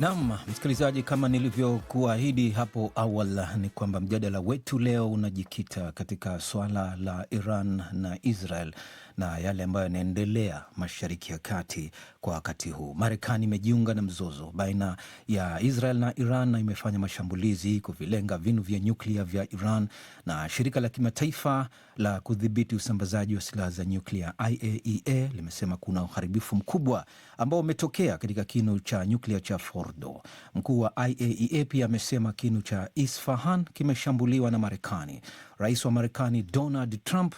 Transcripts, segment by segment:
Naam, msikilizaji, kama nilivyokuahidi hapo awali ni kwamba mjadala wetu leo unajikita katika swala la Iran na Israel na yale ambayo yanaendelea Mashariki ya Kati kwa wakati huu. Marekani imejiunga na mzozo baina ya Israel na Iran na imefanya mashambulizi kuvilenga vinu vya nyuklia vya Iran, na shirika la kimataifa la kudhibiti usambazaji wa silaha za nyuklia IAEA e limesema kuna uharibifu mkubwa ambao umetokea katika kinu cha nyuklia cha Fordo. Mkuu wa IAEA e pia amesema kinu cha Isfahan kimeshambuliwa na Marekani. Rais wa Marekani Donald Trump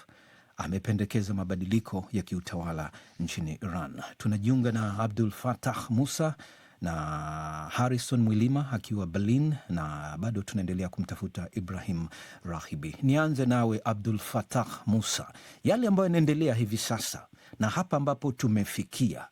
amependekeza mabadiliko ya kiutawala nchini Iran. Tunajiunga na Abdul Fatah Musa na Harrison Mwilima akiwa Berlin, na bado tunaendelea kumtafuta Ibrahim Rahibi. Nianze nawe Abdul Fatah Musa, yale ambayo yanaendelea hivi sasa na hapa ambapo tumefikia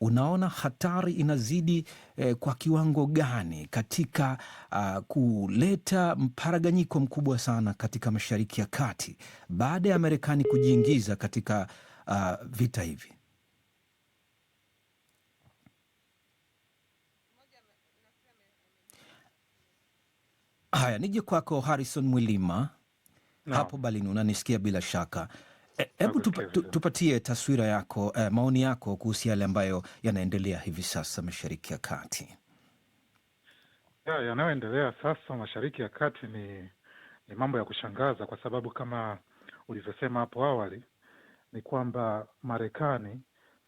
unaona hatari inazidi eh, kwa kiwango gani katika uh, kuleta mparaganyiko mkubwa sana katika Mashariki ya Kati baada ya Marekani kujiingiza katika uh, vita hivi? Haya, nije kwako Harrison Mwilima no. hapo Berlin, unanisikia bila shaka. Eh, hebu tupa, tupatie taswira yako eh, maoni yako kuhusu yale ambayo yanaendelea hivi sasa Mashariki ya Kati. Ya, yanayoendelea sasa Mashariki ya Kati ni, ni mambo ya kushangaza kwa sababu kama ulivyosema hapo awali ni kwamba Marekani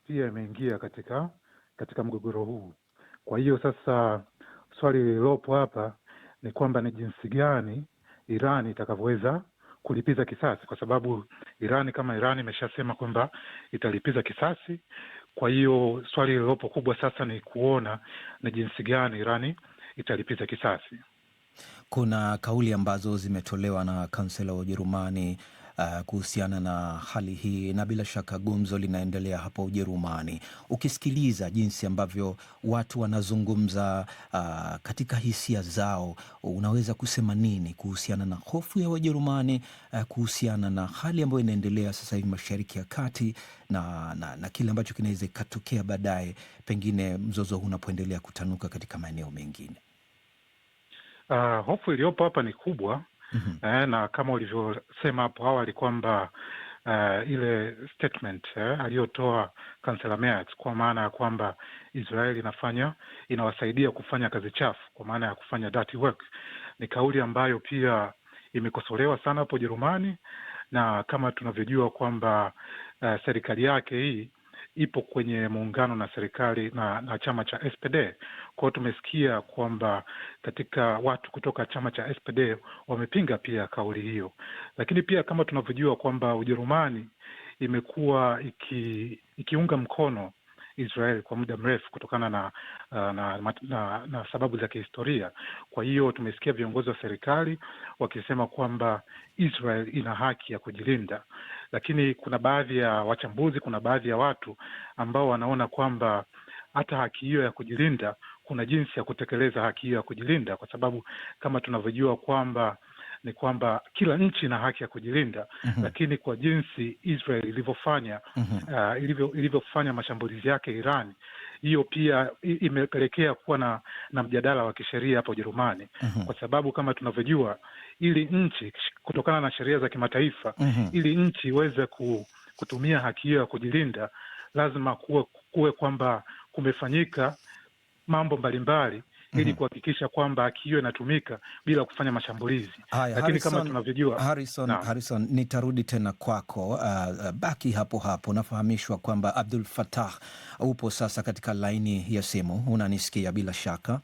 pia imeingia katika katika mgogoro huu. Kwa hiyo sasa swali lililopo hapa ni kwamba ni jinsi gani iran itakavyoweza kulipiza kisasi kwa sababu Irani kama Irani imeshasema kwamba italipiza kisasi. Kwa hiyo swali lililopo kubwa sasa ni kuona ni jinsi gani Irani italipiza kisasi. Kuna kauli ambazo zimetolewa na kansela wa Ujerumani uh, kuhusiana na hali hii, na bila shaka gumzo linaendelea hapa Ujerumani. Ukisikiliza jinsi ambavyo watu wanazungumza uh, katika hisia zao, unaweza kusema nini kuhusiana na hofu ya Wajerumani uh, kuhusiana na hali ambayo inaendelea sasa hivi Mashariki ya Kati na, na, na kile ambacho kinaweza ikatokea baadaye, pengine mzozo huu unapoendelea kutanuka katika maeneo mengine? Uh, hofu iliyopo hapa ni kubwa mm -hmm. eh, na kama ulivyosema hapo awali kwamba uh, ile statement eh, aliyotoa kansela Merz kwa maana ya kwamba israel inafanya inawasaidia kufanya kazi chafu kwa maana ya kufanya dirty work ni kauli ambayo pia imekosolewa sana hapo Ujerumani na kama tunavyojua kwamba uh, serikali yake hii ipo kwenye muungano na serikali na, na chama cha SPD. Kwa hiyo tumesikia kwamba katika watu kutoka chama cha SPD wamepinga pia kauli hiyo, lakini pia kama tunavyojua kwamba Ujerumani imekuwa iki, ikiunga mkono Israel kwa muda mrefu kutokana na uh, na, na, na na sababu za kihistoria. Kwa hiyo tumesikia viongozi wa serikali wakisema kwamba Israel ina haki ya kujilinda, lakini kuna baadhi ya wachambuzi, kuna baadhi ya watu ambao wanaona kwamba hata haki hiyo ya kujilinda, kuna jinsi ya kutekeleza haki hiyo ya kujilinda, kwa sababu kama tunavyojua kwamba ni kwamba kila nchi ina haki ya kujilinda mm -hmm. Lakini kwa jinsi Israel ilivyofanya mm -hmm. uh, ilivyofanya mashambulizi yake Iran hiyo pia imepelekea kuwa na, na mjadala wa kisheria hapa Ujerumani mm -hmm. kwa sababu kama tunavyojua, ili nchi kutokana na sheria za kimataifa mm -hmm. ili nchi iweze kutumia haki hiyo ya kujilinda lazima kuwe kuwe kwamba kumefanyika mambo mbalimbali ili mhm. kuhakikisha kwamba haki hiyo inatumika bila kufanya mashambulizi. Haya, lakini Harrison, kama tunavyojua Harrison, Harrison, nitarudi tena kwako. Uh, uh baki hapo hapo. Nafahamishwa kwamba Abdul Fatah upo sasa katika laini ya simu, unanisikia bila shaka?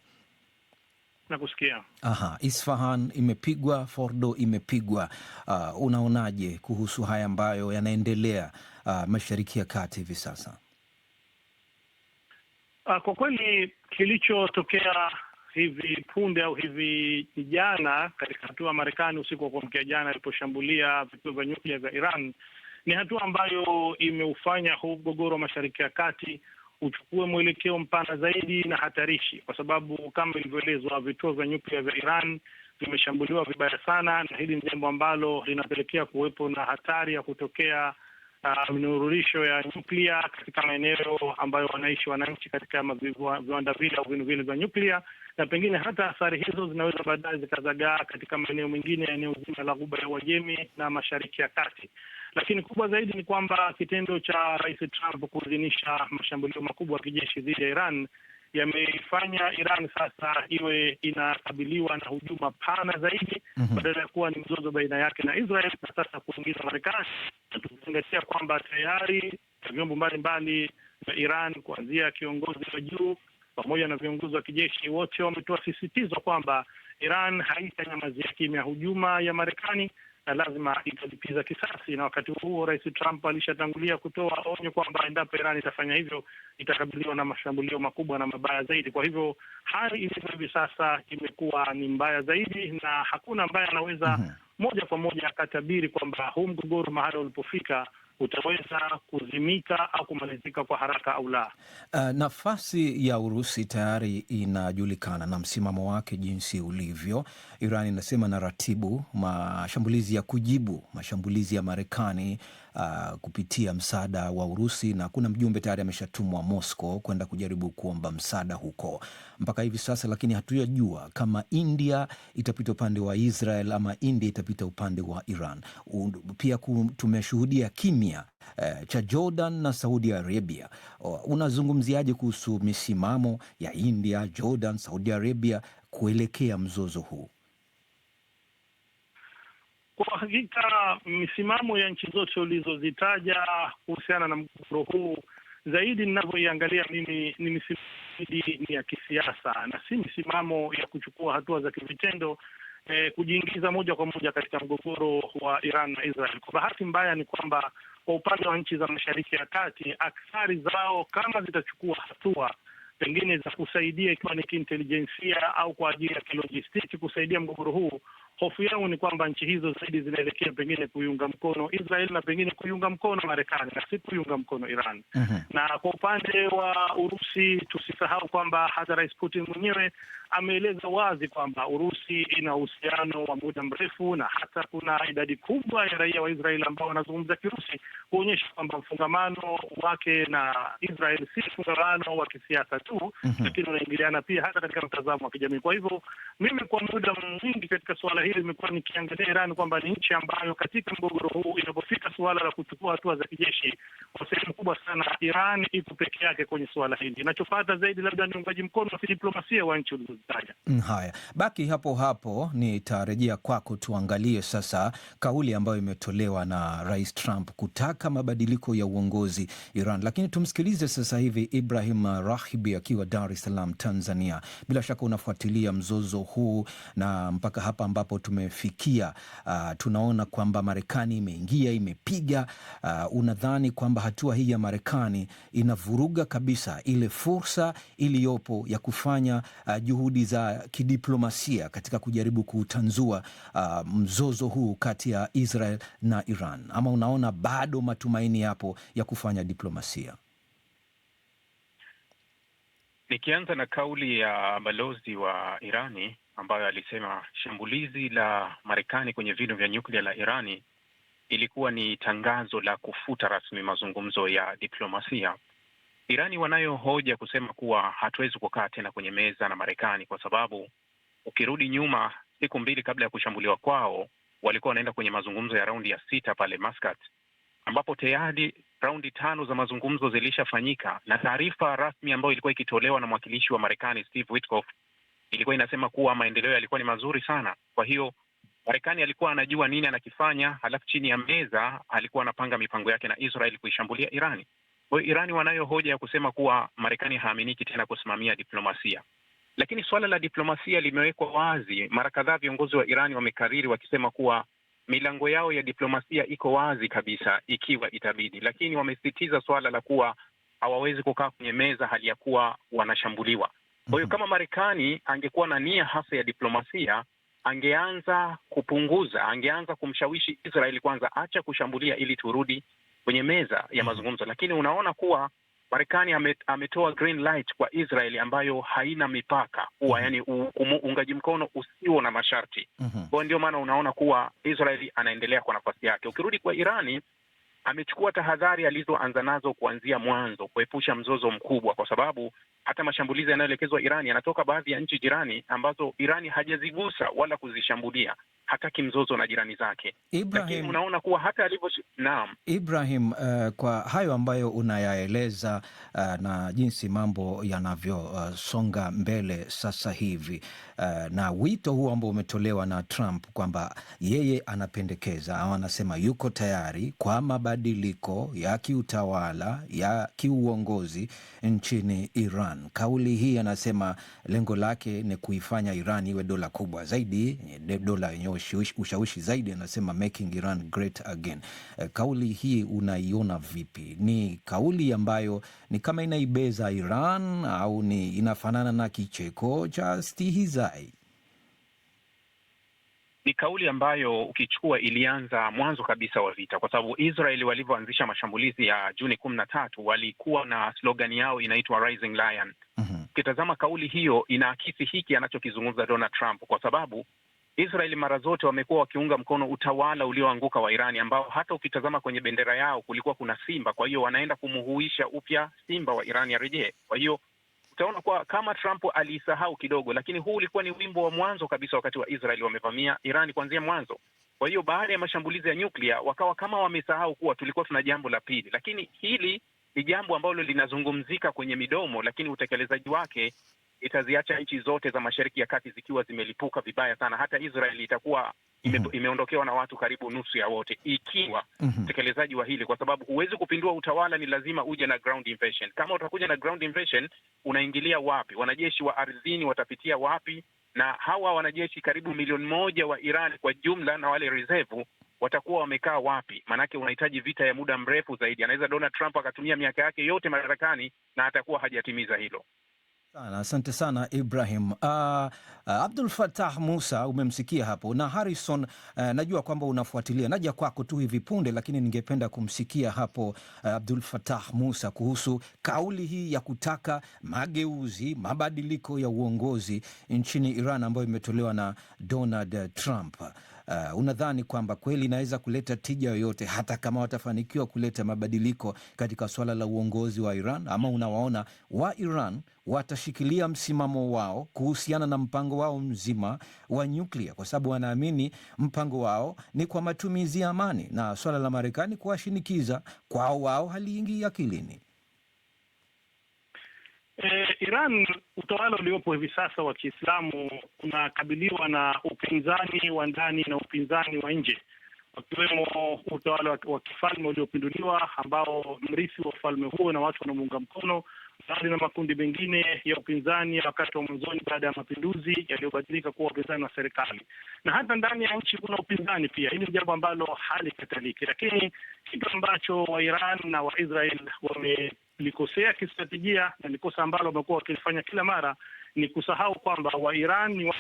Nakusikia. Aha, Isfahan imepigwa, Fordo imepigwa. Uh, unaonaje kuhusu haya ambayo yanaendelea uh, Mashariki ya Kati hivi sasa? Ah, kwa kweli kilichotokea hivi punde au hivi jana katika hatua ya Marekani usiku wa kuamkia jana iliposhambulia vituo vya nyuklia vya Iran ni hatua ambayo imeufanya huu mgogoro wa Mashariki ya Kati uchukue mwelekeo mpana zaidi na hatarishi, kwa sababu kama ilivyoelezwa, vituo vya nyuklia vya Iran vimeshambuliwa vibaya sana, na hili ni jambo ambalo linapelekea kuwepo na hatari ya kutokea Uh, minururisho ya nyuklia katika maeneo ambayo wanaishi wananchi katika viwanda vile au vinu vile vya nyuklia, na pengine hata athari hizo zinaweza baadaye zikazagaa katika maeneo mengine ya eneo zima la Ghuba ya Uajemi na Mashariki ya Kati. Lakini kubwa zaidi ni kwamba kitendo cha Rais Trump kuidhinisha mashambulio makubwa ya kijeshi dhidi ya Iran yameifanya Iran sasa iwe inakabiliwa na hujuma pana zaidi mm -hmm. badala ya kuwa ni mzozo baina yake na Israel na sasa kuingiza Marekani, na tukizingatia kwamba tayari vyombo mbalimbali vya Iran kuanzia kiongozi wa juu pamoja na viongozi wa kijeshi wote wametoa sisitizo kwamba Iran haitanyamazia kimya hujuma ya Marekani na eh, lazima italipiza kisasi, na wakati huo Rais Trump alishatangulia kutoa onyo kwamba endapo Iran itafanya hivyo itakabiliwa na mashambulio makubwa na mabaya zaidi. Kwa hivyo hali ilivyo hivi sasa imekuwa ni mbaya zaidi, na hakuna ambaye anaweza mm -hmm. moja kwa moja akatabiri kwamba huu mgogoro mahali ulipofika utaweza kuzimika au kumalizika kwa haraka au la. Uh, nafasi ya Urusi tayari inajulikana na msimamo wake jinsi ulivyo. Iran inasema na ratibu mashambulizi ya kujibu mashambulizi ya Marekani uh, kupitia msaada wa Urusi, na kuna mjumbe tayari ameshatumwa Moscow kwenda kujaribu kuomba msaada huko mpaka hivi sasa, lakini hatujajua kama India itapita upande wa Israel ama India itapita upande wa Iran. Pia tumeshuhudia kimya Tanzania eh, cha Jordan na Saudi Arabia. Unazungumziaje kuhusu misimamo ya India, Jordan, Saudi Arabia kuelekea mzozo huu? Kwa hakika misimamo ya nchi zote ulizozitaja kuhusiana na mgogoro huu, zaidi ninavyoiangalia mimi ni misimamo ya kisiasa na si misimamo ya kuchukua hatua za kivitendo eh, kujiingiza moja kwa moja katika mgogoro wa Iran na Israel. Kwa bahati mbaya ni kwamba kwa upande wa nchi za Mashariki ya Kati, aksari zao kama zitachukua hatua pengine za kusaidia, ikiwa ni kiintelijensia au kwa ajili ya kilojistiki kusaidia mgogoro huu, hofu yangu ni kwamba nchi hizo zaidi zinaelekea pengine kuiunga mkono Israel na pengine kuiunga mkono Marekani na si kuiunga mkono Iran. uh mhm. -huh. Na kwa upande wa Urusi tusisahau kwamba hata Rais Putin mwenyewe ameeleza wazi kwamba Urusi ina uhusiano wa muda mrefu, na hata kuna idadi kubwa ya raia wa Israel ambao wanazungumza Kirusi, kuonyesha kwamba mfungamano wake na Israel si mfungamano wa kisiasa tu uh mhm. -huh. Lakini unaingiliana pia hata katika mtazamo wa kijamii. Kwa hivyo mimi kwa muda mwingi katika suala hili limekuwa nikiangalia Iran kwamba ni nchi ambayo katika mgogoro huu inapofika suala la kuchukua hatua za kijeshi kwa sehemu kubwa sana Iran iko peke yake kwenye suala hili. Inachofata zaidi labda ni uungaji mkono wa kidiplomasia wa nchi ulizozitaja. Mm, haya, baki hapo hapo, nitarejea kwako. Tuangalie sasa kauli ambayo imetolewa na Rais Trump kutaka mabadiliko ya uongozi Iran, lakini tumsikilize sasa hivi Ibrahim Rahibi akiwa Dar es Salaam, Tanzania. Bila shaka unafuatilia mzozo huu na mpaka hapa ambapo tumefikia, uh, tunaona kwamba Marekani imeingia imepiga. Uh, unadhani kwamba hatua hii ya Marekani inavuruga kabisa ile fursa iliyopo ya kufanya uh, juhudi za kidiplomasia katika kujaribu kutanzua uh, mzozo huu kati ya Israel na Iran, ama unaona bado matumaini yapo ya kufanya diplomasia? Nikianza na kauli ya balozi wa Irani ambayo alisema shambulizi la Marekani kwenye vinu vya nyuklia la Irani ilikuwa ni tangazo la kufuta rasmi mazungumzo ya diplomasia. Irani wanayo hoja kusema kuwa hatuwezi kukaa tena kwenye meza na Marekani kwa sababu ukirudi nyuma, siku mbili kabla ya kushambuliwa kwao walikuwa wanaenda kwenye mazungumzo ya raundi ya sita pale maskat ambapo tayari raundi tano za mazungumzo zilishafanyika na taarifa rasmi ambayo ilikuwa ikitolewa na mwakilishi wa Marekani Steve Witkoff ilikuwa inasema kuwa maendeleo yalikuwa ni mazuri sana. Kwa hiyo Marekani alikuwa anajua nini anakifanya, halafu chini ya meza alikuwa anapanga mipango yake na Israel kuishambulia Irani. Kwa hiyo Irani wanayo hoja ya kusema kuwa Marekani haaminiki tena kusimamia diplomasia, lakini suala la diplomasia limewekwa wazi mara kadhaa. Viongozi wa Irani wamekariri wakisema kuwa milango yao ya diplomasia iko wazi kabisa ikiwa itabidi, lakini wamesisitiza suala la kuwa hawawezi kukaa kwenye meza hali ya kuwa wanashambuliwa. Kwa hiyo mhm. kama Marekani angekuwa na nia hasa ya diplomasia angeanza kupunguza, angeanza kumshawishi Israeli kwanza, acha kushambulia ili turudi kwenye meza ya mhm. mazungumzo. Lakini unaona kuwa Marekani ametoa green light kwa Israeli ambayo haina mipaka kuwa mhm. yani uungaji mkono usio na masharti mhm. kwao. Ndio maana unaona kuwa Israeli anaendelea kwa nafasi yake. Ukirudi kwa Irani, amechukua tahadhari alizoanza nazo kuanzia mwanzo, kuepusha mzozo mkubwa, kwa sababu hata mashambulizi yanayoelekezwa Irani yanatoka baadhi ya nchi jirani ambazo Irani hajazigusa wala kuzishambulia hataki mzozo na jirani zake. Lakini unaona kuwa hata alivyo naam, Ibrahim, uh, kwa hayo ambayo unayaeleza uh, na jinsi mambo yanavyosonga uh, mbele sasa hivi uh, na wito huu ambao umetolewa na Trump kwamba yeye anapendekeza au anasema yuko tayari kwa mabadiliko ya kiutawala ya kiuongozi nchini Iran. Kauli hii anasema lengo lake ni kuifanya Iran iwe dola kubwa zaidi, dola yenye ushawishi, zaidi, anasema making Iran great again. E, kauli hii unaiona vipi? Ni kauli ambayo ni kama inaibeza Iran au ni inafanana na kicheko cha stihizai? Ni kauli ambayo ukichukua ilianza mwanzo kabisa wa vita, kwa sababu Israel walivyoanzisha mashambulizi ya Juni kumi na tatu walikuwa na slogani yao inaitwa Rising Lion. Mhm. Ukitazama mm -hmm. kauli hiyo inaakisi hiki anachokizungumza Donald Trump, kwa sababu Israel mara zote wamekuwa wakiunga mkono utawala ulioanguka wa Irani, ambao hata ukitazama kwenye bendera yao kulikuwa kuna simba. Kwa hiyo wanaenda kumuhuisha upya simba wa Irani arejee. Kwa hiyo utaona kuwa kama Trump aliisahau kidogo, lakini huu ulikuwa ni wimbo wa mwanzo kabisa, wakati wa Israel wamevamia Irani kuanzia mwanzo. Kwa hiyo baada ya mashambulizi ya nyuklia wakawa kama wamesahau kuwa tulikuwa tuna jambo la pili, lakini hili ni jambo ambalo linazungumzika kwenye midomo, lakini utekelezaji wake itaziacha nchi zote za Mashariki ya Kati zikiwa zimelipuka vibaya sana. Hata Israeli itakuwa ime, mm -hmm. imeondokewa na watu karibu nusu ya wote, ikiwa utekelezaji mhm. mm -hmm. wa hili, kwa sababu huwezi kupindua utawala, ni lazima uje na ground invasion. Kama utakuja na ground invasion, unaingilia wapi? Wanajeshi wa ardhini watapitia wapi? Na hawa wanajeshi karibu milioni moja wa Iran kwa jumla na wale reserve watakuwa wamekaa wapi? Maanake unahitaji vita ya muda mrefu zaidi. Anaweza Donald Trump akatumia miaka yake yote madarakani na atakuwa hajatimiza hilo. Asante sana Ibrahim. Uh, uh, Abdul Fatah Musa umemsikia hapo na Harrison, uh, najua kwamba unafuatilia, naja kwako tu hivi punde, lakini ningependa kumsikia hapo uh, Abdul Fatah Musa kuhusu kauli hii ya kutaka mageuzi, mabadiliko ya uongozi nchini Iran ambayo imetolewa na Donald Trump uh, unadhani kwamba kweli inaweza kuleta tija yoyote hata kama watafanikiwa kuleta mabadiliko katika swala la uongozi wa Iran, ama unawaona wa Iran watashikilia msimamo wao kuhusiana na mpango wao mzima wa nyuklia, kwa sababu wanaamini mpango wao ni kwa matumizi ya amani, na swala la Marekani kuwashinikiza kwao wao haliingii akilini. E, Iran utawala uliopo hivi sasa wa Kiislamu unakabiliwa na upinzani wa ndani na upinzani wa nje, wakiwemo utawala wa kifalme uliopinduliwa ambao mrithi wa ufalme huo na watu wanaomuunga mkono, mbali na makundi mengine ya upinzani ya wakati wa mwanzoni baada ya mapinduzi yaliyobadilika kuwa upinzani wa serikali, na hata ndani ya nchi kuna upinzani pia. Hili ni jambo ambalo halikataliki, lakini kitu ambacho Wairan na Waisrael wame likosea kistratejia na ni kosa ambalo wamekuwa wakilifanya kila mara, ni kusahau kwamba Wairan ni wa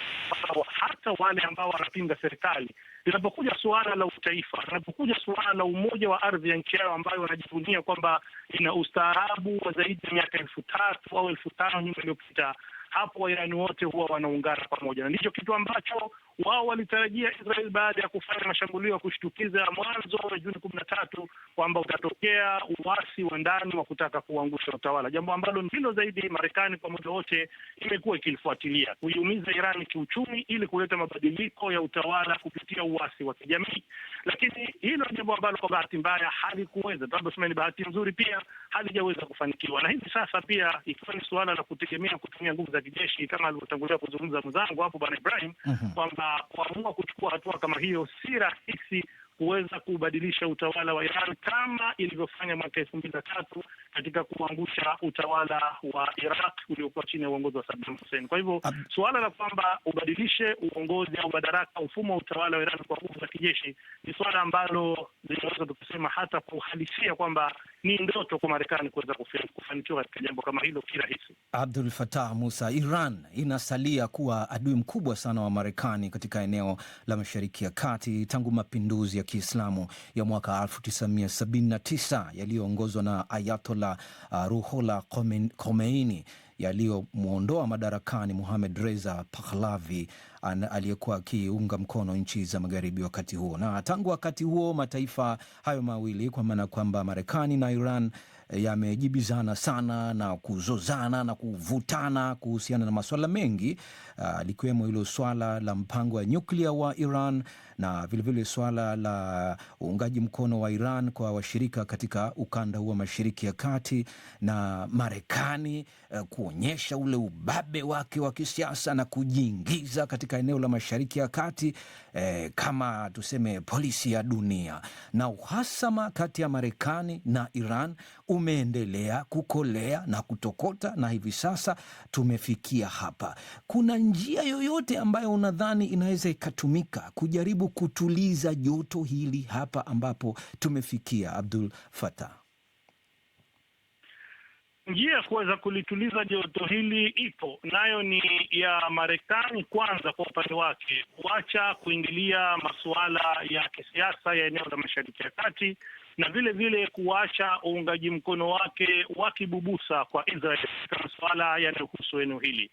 hata wale ambao wanapinga serikali. Linapokuja suala la utaifa, linapokuja suala la umoja wa ardhi ya nchi yao ambayo wanajivunia kwamba ina ustaarabu wa zaidi ya miaka elfu tatu au elfu tano nyuma iliyopita, hapo Wairani wote huwa wanaungana pamoja, na ndicho kitu ambacho wao walitarajia Israel baada ya kufanya mashambulio ya kushtukiza mwanzo wa Juni kumi na tatu kwamba utatokea uasi wa ndani wa kutaka kuangusha utawala, jambo ambalo ndilo zaidi Marekani kwa muda wote imekuwa ikilifuatilia kuiumiza irani kiuchumi ili kuleta mabadiliko ya utawala kupitia uasi wa kijamii. Lakini hilo jambo ambalo kwa bahati mbaya halikuweza, tunaposema ni bahati nzuri pia, halijaweza kufanikiwa. Na hivi sasa pia, ikiwa ni suala la kutegemea kutumia nguvu za kijeshi kama alivyotangulia kuzungumza mwenzangu hapo Bwana Ibrahim mhm. kwamba na kuamua kuchukua hatua kama hiyo si rahisi kuweza kubadilisha utawala wa Iran kama ilivyofanya mwaka elfu mbili na tatu katika kuangusha utawala wa Iraq uliokuwa chini ya uongozi wa Saddam Hussein. Kwa hivyo suala la kwamba ubadilishe uongozi au madaraka, mfumo wa utawala wa Iran kwa nguvu za kijeshi ni suala ambalo linaweza tukasema hata kuhalisia kwamba ni ndoto kwa Marekani kuweza kufanikiwa katika jambo kama hilo kirahisi. Abdul Fatah Musa, Iran inasalia kuwa adui mkubwa sana wa Marekani katika eneo la Mashariki ya Kati tangu mapinduzi ya Kiislamu ya mwaka 1979 yaliyoongozwa na uh, Ruhola Khomeini yaliyomwondoa madarakani muhamed Reza Pahlavi aliyekuwa akiunga mkono nchi za magharibi wakati huo. Na tangu wakati huo mataifa hayo mawili kwa maana kwamba Marekani na Iran yamejibizana sana na kuzozana na kuvutana kuhusiana na masuala mengi uh, likiwemo hilo swala la mpango wa nyuklia wa Iran na vilevile swala la uungaji mkono wa Iran kwa washirika katika ukanda huu wa Mashariki ya Kati na Marekani uh, kuonyesha ule ubabe wake wa kisiasa na kujiingiza katika eneo la Mashariki ya Kati eh, kama tuseme polisi ya dunia na uhasama kati ya Marekani na Iran umeendelea kukolea na kutokota na hivi sasa tumefikia hapa. Kuna njia yoyote ambayo unadhani inaweza ikatumika kujaribu kutuliza joto hili hapa ambapo tumefikia, Abdul Fatah? Njia ya kuweza kulituliza joto hili ipo nayo, ni ya Marekani kwanza, kwa upande wake kuacha kuingilia masuala ya kisiasa ya eneo la Mashariki ya Kati na vile vile kuacha uungaji mkono wake wa kibubusa kwa Israel katika masuala yanayohusu eneo hili.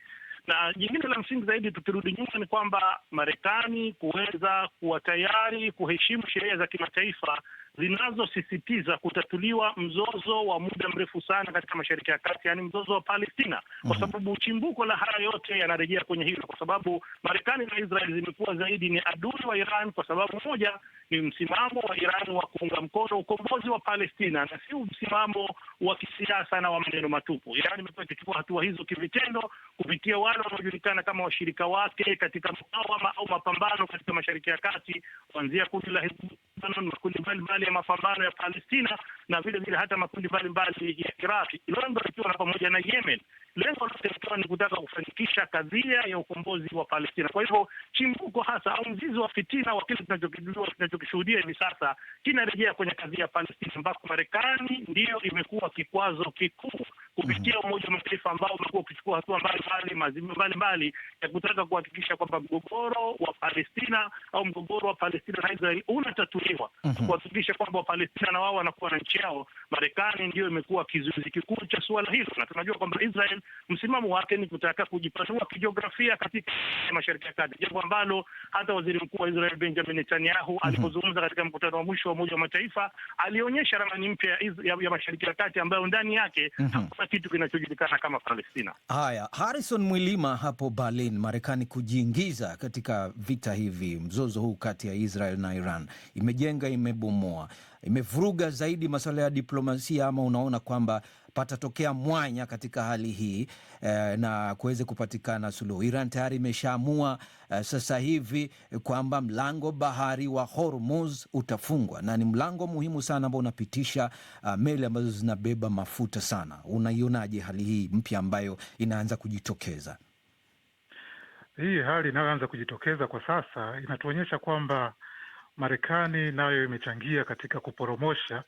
Na jingine la msingi zaidi, tukirudi nyuma, ni kwamba Marekani kuweza kuwa tayari kuheshimu sheria za kimataifa zinazosisitiza kutatuliwa mzozo wa muda mrefu sana katika Mashariki ya Kati, yaani mzozo wa Palestina, kwa mhm. sababu chimbuko la haya yote yanarejea kwenye hilo, kwa sababu Marekani na Israel zimekuwa zaidi ni adui wa Iran, kwa sababu moja ni msimamo wa Iran wa kuunga mkono ukombozi wa Palestina na si msimamo wa kisiasa na wa maneno matupu. Iran imekuwa ikichukua hatua hizo kivitendo kupitia wale wanaojulikana kama washirika wake katika mkawama au mapambano katika Mashariki ya Kati, kuanzia kundi la Hezbollah makundi mbalimbali ya mapambano ya Palestina na vile vile hata makundi mbalimbali ya Iraqi, lengo likiwa na pamoja na Yemen, lengo lote likiwa ni kutaka kufanikisha kadhia ya ukombozi wa Palestina. Kwa hivyo chimbuko hasa au mzizi wa fitina wa kile tunachokishuhudia hivi sasa kinarejea kwenye kadhia ya Palestina, ambapo Marekani ndiyo imekuwa kikwazo kikuu kupitia Umoja wa Mataifa ambao umekuwa ukichukua hatua mbalimbali mbalimbali ya kutaka kuhakikisha kwamba mgogoro wa Palestina au mgogoro wa Palestina na Israel unatatuliwa mhm. kuhakikisha kwamba Wapalestina na wao wanakuwa na nchi yao. Marekani ndiyo imekuwa kizuizi kikuu cha suala hilo, na tunajua kwamba Israel msimamo wake ni kutaka kujipanua kijiografia katika Mashariki ya Kati, jambo ambalo hata waziri mkuu wa Israel Benjamin Netanyahu mhm. alipozungumza katika mkutano wa mwisho wa Umoja wa Mataifa alionyesha ramani mpya ya, ya Mashariki ya Kati ambayo ndani yake mhm hakuna kitu kinachojulikana kama Palestina. Haya, Harrison Mwilima hapo Berlin, Marekani kujiingiza katika vita hivi, mzozo huu kati ya Israel na Iran, imejenga imebomoa, imevuruga zaidi masuala ya diplomasia, ama unaona kwamba patatokea mwanya katika hali hii eh, na kuweze kupatikana suluhu. Iran tayari imeshaamua eh, sasa hivi kwamba mlango bahari wa Hormuz utafungwa na ni mlango muhimu sana ambao unapitisha eh, meli ambazo zinabeba mafuta sana. Unaionaje hali hii mpya ambayo inaanza kujitokeza? Hii hali inayoanza kujitokeza kwa sasa inatuonyesha kwamba Marekani nayo imechangia katika kuporomosha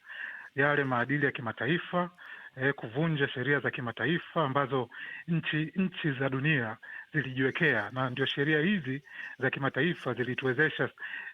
yale maadili ya kimataifa eh, kuvunja sheria za kimataifa ambazo nchi nchi za dunia zilijiwekea, na ndio sheria hizi za kimataifa zilituwezesha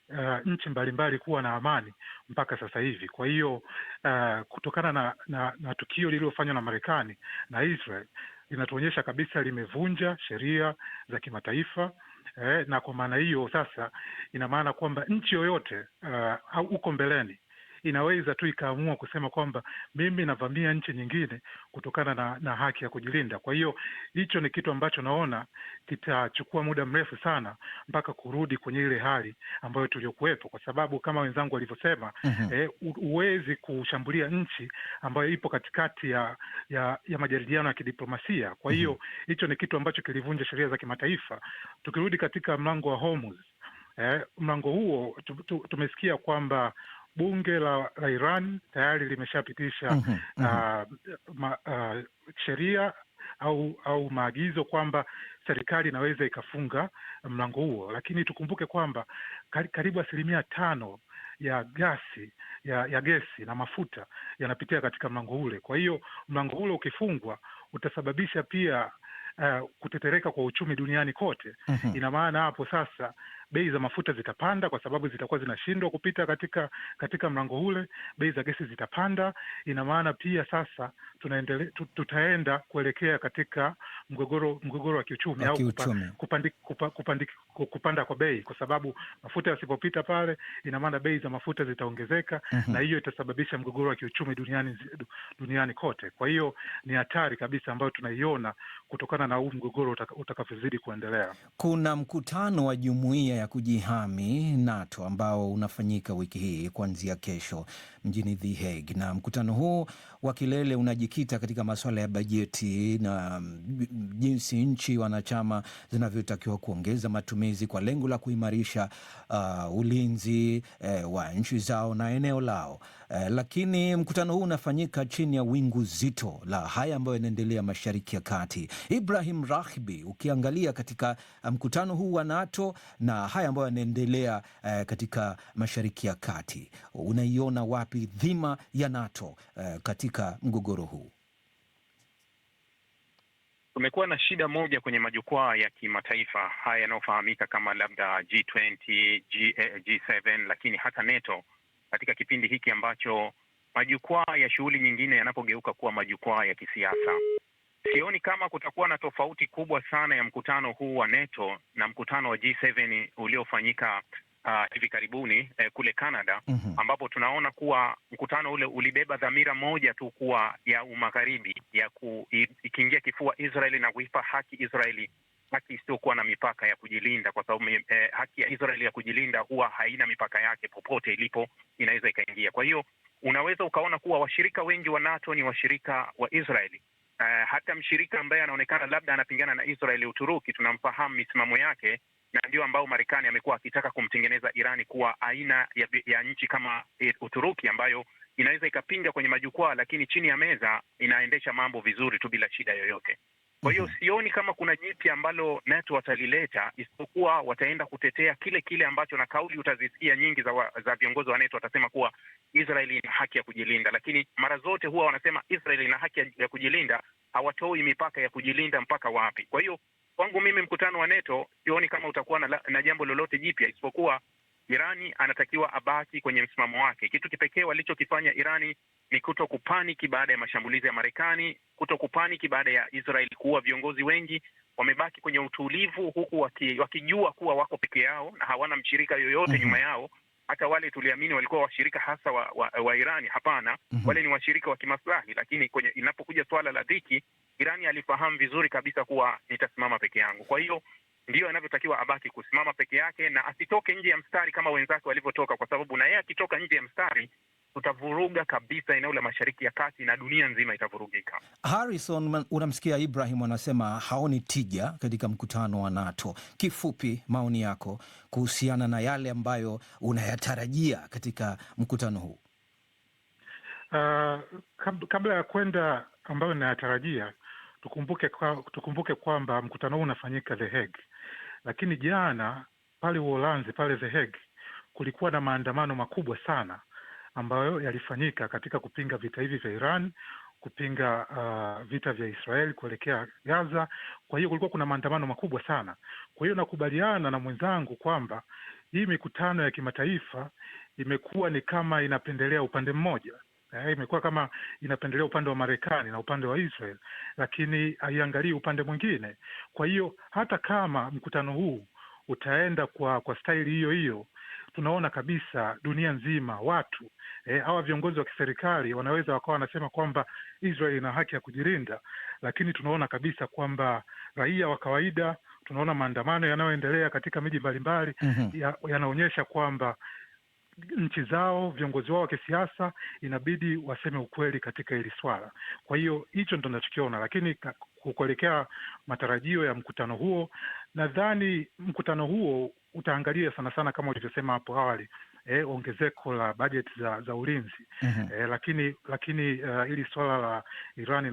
uh, nchi mbalimbali kuwa na amani mpaka sasa hivi. Kwa hiyo uh, kutokana na, na, na tukio lililofanywa na Marekani na Israel linatuonyesha kabisa limevunja sheria za kimataifa. Eh, na kwa maana hiyo sasa ina maana kwamba nchi yoyote uh, au huko mbeleni inaweza tu ikaamua kusema kwamba mimi navamia nchi nyingine kutokana na, na haki ya kujilinda. Kwa hiyo hicho ni kitu ambacho naona kitachukua muda mrefu sana mpaka kurudi kwenye ile hali ambayo tuliokuwepo, kwa sababu kama wenzangu walivyosema, mhm. eh, huwezi mm -hmm. eh, kushambulia nchi ambayo ipo katikati ya, ya, ya majadiliano ya kidiplomasia. Kwa hiyo mm hicho -hmm. ni kitu ambacho kilivunja sheria za kimataifa. Tukirudi katika mlango wa Hormuz, eh, mlango huo tumesikia kwamba bunge la, la Iran tayari limeshapitisha mm -hmm. uh, uh, sheria au au maagizo kwamba serikali inaweza ikafunga mlango huo, lakini tukumbuke kwamba karibu asilimia tano ya gasi ya, ya gesi na mafuta yanapitia katika mlango ule. Kwa hiyo mlango ule ukifungwa utasababisha pia uh, kutetereka kwa uchumi duniani kote. Mhm. Ina maana hapo sasa bei za mafuta zitapanda kwa sababu zitakuwa zinashindwa kupita katika katika mlango ule. Bei za gesi zitapanda. Ina maana pia sasa tunaendele, tutaenda kuelekea katika mgogoro mgogoro wa kiuchumi au kupandi, kupandi, kupanda kwa bei, kwa sababu mafuta yasipopita pale, ina maana bei za mafuta zitaongezeka mm -hmm. na hiyo itasababisha mgogoro wa kiuchumi duniani duniani kote. Kwa hiyo ni hatari kabisa ambayo tunaiona kutokana na huu mgogoro utakavyozidi kuendelea. Kuna mkutano wa jumuiya ya kujihami NATO ambao unafanyika wiki hii kuanzia kesho mjini The Hague, na mkutano huu wa kilele unajikita katika masuala ya bajeti na jinsi nchi wanachama zinavyotakiwa kuongeza matumizi kwa lengo la kuimarisha uh, ulinzi eh, wa nchi zao na eneo lao. Eh, lakini mkutano huu unafanyika chini ya wingu zito la haya ambayo yanaendelea Mashariki ya Kati. Ibrahim rahbi ukiangalia katika eh, mkutano huu wa NATO na haya ambayo yanaendelea eh, katika Mashariki ya Kati, unaiona wapi dhima ya NATO eh, katika mgogoro huu? Kumekuwa na shida moja kwenye majukwaa ya kimataifa haya yanayofahamika kama labda G20, G, eh, G7 lakini hata NATO katika kipindi hiki ambacho majukwaa ya shughuli nyingine yanapogeuka kuwa majukwaa ya kisiasa. Sioni kama kutakuwa na tofauti kubwa sana ya mkutano huu wa NATO na mkutano wa G7 uliofanyika uh, hivi karibuni eh, kule Canada mm -hmm. ambapo tunaona kuwa mkutano ule ulibeba dhamira moja tu kuwa ya umagharibi ya kuikingia kifua Israeli na kuipa haki Israeli haki isiyokuwa na mipaka ya kujilinda, kwa sababu eh, haki ya israel ya kujilinda huwa haina mipaka yake, popote ilipo inaweza ikaingia. Kwa hiyo unaweza ukaona kuwa washirika wengi wa NATO ni washirika wa Israeli. Uh, eh, hata mshirika ambaye anaonekana labda anapingana na Israeli, Uturuki, tunamfahamu misimamo yake, na ndio ambao Marekani amekuwa akitaka kumtengeneza Irani kuwa aina ya, ya nchi kama eh, Uturuki ambayo inaweza ikapinga kwenye majukwaa, lakini chini ya meza inaendesha mambo vizuri tu bila shida yoyote. Kwa hiyo mhm. sioni kama kuna jipya ambalo NATO watalileta, isipokuwa wataenda kutetea kile kile ambacho, na kauli utazisikia nyingi za, wa, za viongozi wa NATO watasema kuwa Israeli ina haki ya kujilinda, lakini mara zote huwa wanasema Israeli ina haki ya kujilinda, hawatoi mipaka ya kujilinda mpaka wapi. Kwa hiyo kwangu mimi mkutano wa NATO sioni kama utakuwa na, na jambo lolote jipya isipokuwa Irani anatakiwa abaki kwenye msimamo wake. Kitu kipekee walichokifanya Irani ni kuto kupaniki baada ya mashambulizi ya Marekani, kuto kupaniki baada ya Israeli kuua viongozi wengi. Wamebaki kwenye utulivu, huku waki, wakijua kuwa wako peke yao na hawana mshirika yoyote mm -hmm. nyuma yao. Hata wale tuliamini walikuwa washirika hasa wa, wa, wa Irani, hapana mm -hmm. wale ni washirika wa kimaslahi, lakini kwenye inapokuja swala la dhiki, Irani alifahamu vizuri kabisa kuwa nitasimama peke yangu. Kwa hiyo ndiyo anavyotakiwa abaki kusimama peke yake na asitoke nje ya mstari kama wenzake walivyotoka, kwa sababu na yeye akitoka nje ya mstari tutavuruga kabisa eneo la Mashariki ya Kati na dunia nzima itavurugika. Harrison, unamsikia Ibrahim anasema haoni tija katika mkutano wa NATO. Kifupi, maoni yako kuhusiana na yale ambayo unayatarajia katika mkutano huu? Uh, kabla ya kwenda ambayo inayatarajia, tukumbuke kwamba tukumbuke kwa mkutano huu unafanyika The Hague lakini jana pale Uholanzi pale The Hague kulikuwa na maandamano makubwa sana ambayo yalifanyika katika kupinga vita hivi vya Iran, kupinga uh, vita vya Israeli kuelekea Gaza. Kwa hiyo kulikuwa kuna maandamano makubwa sana. Kwa hiyo nakubaliana na mwenzangu kwamba hii mikutano ya kimataifa imekuwa ni kama inapendelea upande mmoja eh, imekuwa kama inapendelea upande wa Marekani na upande wa Israel, lakini haiangalii upande mwingine. Kwa hiyo hata kama mkutano huu utaenda kwa kwa staili hiyo hiyo, tunaona kabisa dunia nzima watu eh, hawa viongozi wa kiserikali wanaweza wakawa wanasema kwamba Israel ina haki ya kujilinda, lakini tunaona kabisa kwamba raia wa kawaida tunaona maandamano yanayoendelea katika miji mbalimbali mm -hmm. yanaonyesha kwamba nchi zao, viongozi wao wa kisiasa inabidi waseme ukweli katika hili swala. Kwa hiyo hicho ndo nachokiona, lakini kuelekea matarajio ya mkutano huo, nadhani mkutano huo utaangalia sana sana kama ulivyosema hapo awali E, ongezeko la bajeti za, za ulinzi mm -hmm. E, lakini lakini uh, hili swala la Irani